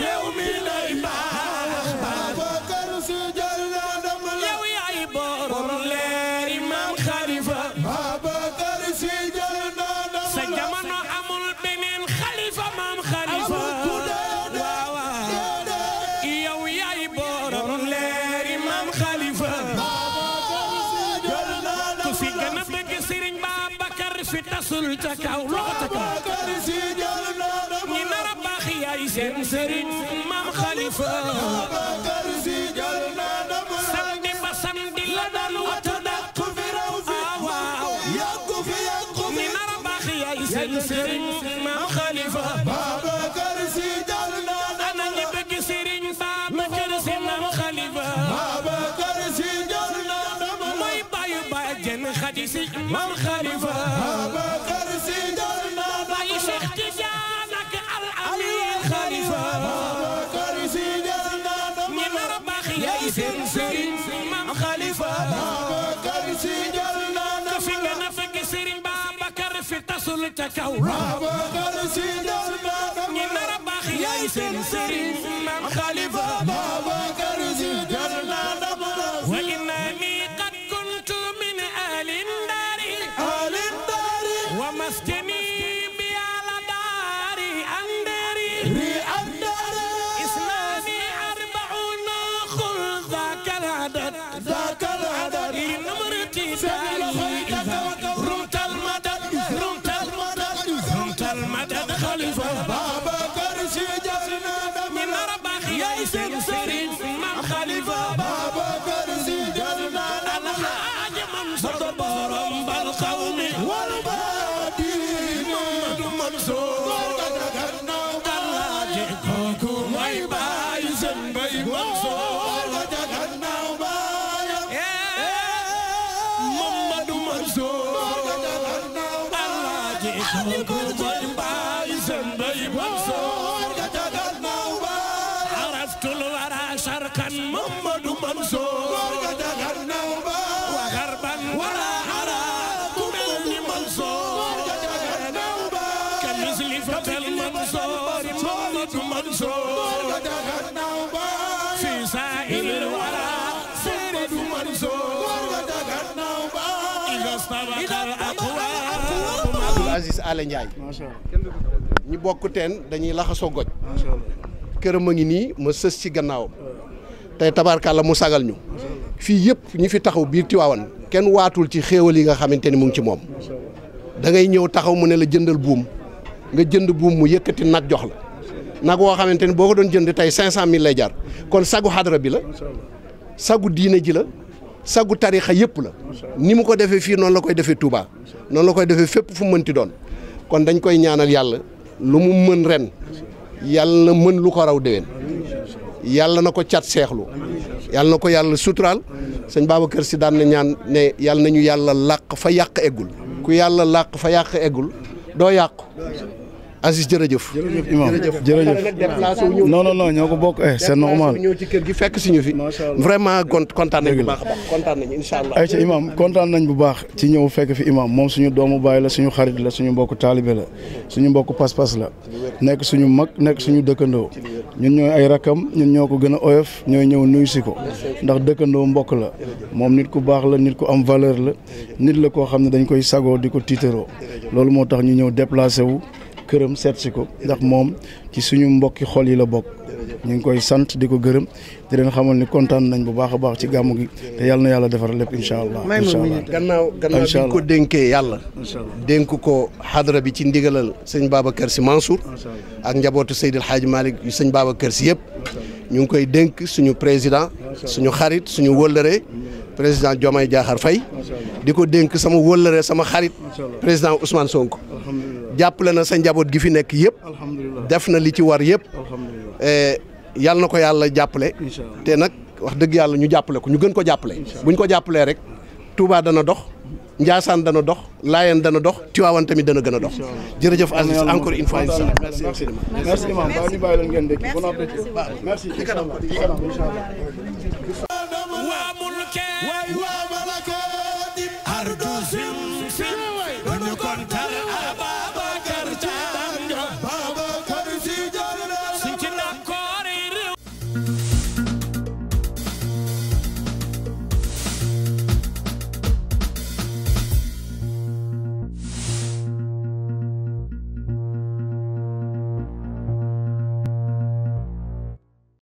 réew mi day baax Babacar Si jël na dama la yow yaay borom leeri maam xalifa Babacar Si jël na dama la sa jamono amul beneen xalifa maam xalifa waaw waaw yow yaay borom leeri maam xalifa Babacar Si jël na dama la ku fi gën a bëgg Serigne Babacar fi tasul ca kaw loxo ca kaw seen sëriñ maam xalifa Abakar Si jal na dama samedi ba samedi la daan wata xalifa ca kaw Babacar Si dal ba ñi nara baax yaay seen sëriñ maam Khalifa Babacar Si dal na dama wa imami qad kuntu min ahli ndari ahli ndari wa maskani bi ala dari andari Stop! Stop! Aziz Aly Ndiaye ñi bokk teen dañuy laxasoo goj këram a ngi nii ma sës ci gannaawam tey la mu sagal ñu fii yëpp ñi fi taxaw biir Tiwaawan kenn waatul ci xéewal yi nga xamante ni mu ngi ci moom dangay ñëw taxaw mu ne la jëndal buum nga jënd buum mu yëkkati nag jox la nag woo xamante ni boo ko doon jënd tey cinq cent mille lay jar kon sagu xadra bi la sagu diine ji la sagu tarixa yëpp la ni mu ko defee fii noonu la koy defee Touba noonu la koy defee fépp fu mënti doon kon dañ koy ñaanal yàlla lu mu mën ren yàlla na mën lu ko raw déwén yàlla na ko cat seexlu yàlla na ko yàlla suturaal sëñ Babacar si daan na ñaan ne yàlla nañu yàlla làq fa yàq eggul ku yàlla làq fa yàq eggul doo yàqu Aziz jërëjëf. jërëjëf imam jërëjëf non non non ñoo ko bokk eh c'est normal. ñëw ci kër gi fekk si ñu fi. vraiment kontaan nañ bu baax a kontaan nañ allah. ay ci kontaan nañ bu baax ci ñëw fekk fi imam moom suñu doomu baay la suñu xarit la suñu mbokk taalibe la suñu mbokk pas-pas la nekk suñu mag nekk suñu dëkkandoo ñun ñooy ay rakam ñun ñoo ko gën a oyof ñooy ñëw nuyu si ko ndax dëkkandoo mbokk la moom nit ku baax la nit ku am valeur la nit la koo xam ne dañ koy sagoo di ko tiitaroo loolu moo tax ñu ñëw déplacé wu këram seet si ko ndax moom ci suñu mbokki xol yi la bokk ñu ngi koy sant di ko gërëm di leen xamal ni kontaan nañ bu baax a baax ci gàmmu gi te yàlla na yàlla defar lépp incha allah. incha allah gannaaw gannaaw bi ko dénkee yàlla. dénk ko xadra bi ci ndigalal sëñ Babacar Sy Mansour. ak njabootu Seydil xaaj Malick yu sëñ Babacar Sy yëpp. ñu ngi koy dénk suñu président. suñu xarit suñu wëllëre président Diomaye Diakhar fay di ko dénk sama wëllëre sama xarit président Ousmane Sonko jàppale na sa njaboot gi fi nekk yëpp def na li ci war yëpp eh, yàlla na ko yàlla jàppale te nag wax dëgg yàlla ñu jàppale ko ñu gën ko jàppale buñ ko jàppalee rek Touba dana dox Ndiassane dana dox Laayeen dana dox Tiwaawan tamit dana gën a dox jërëjëf Aziz encore une fois merci infiniment merci imam ba ñu bàyyi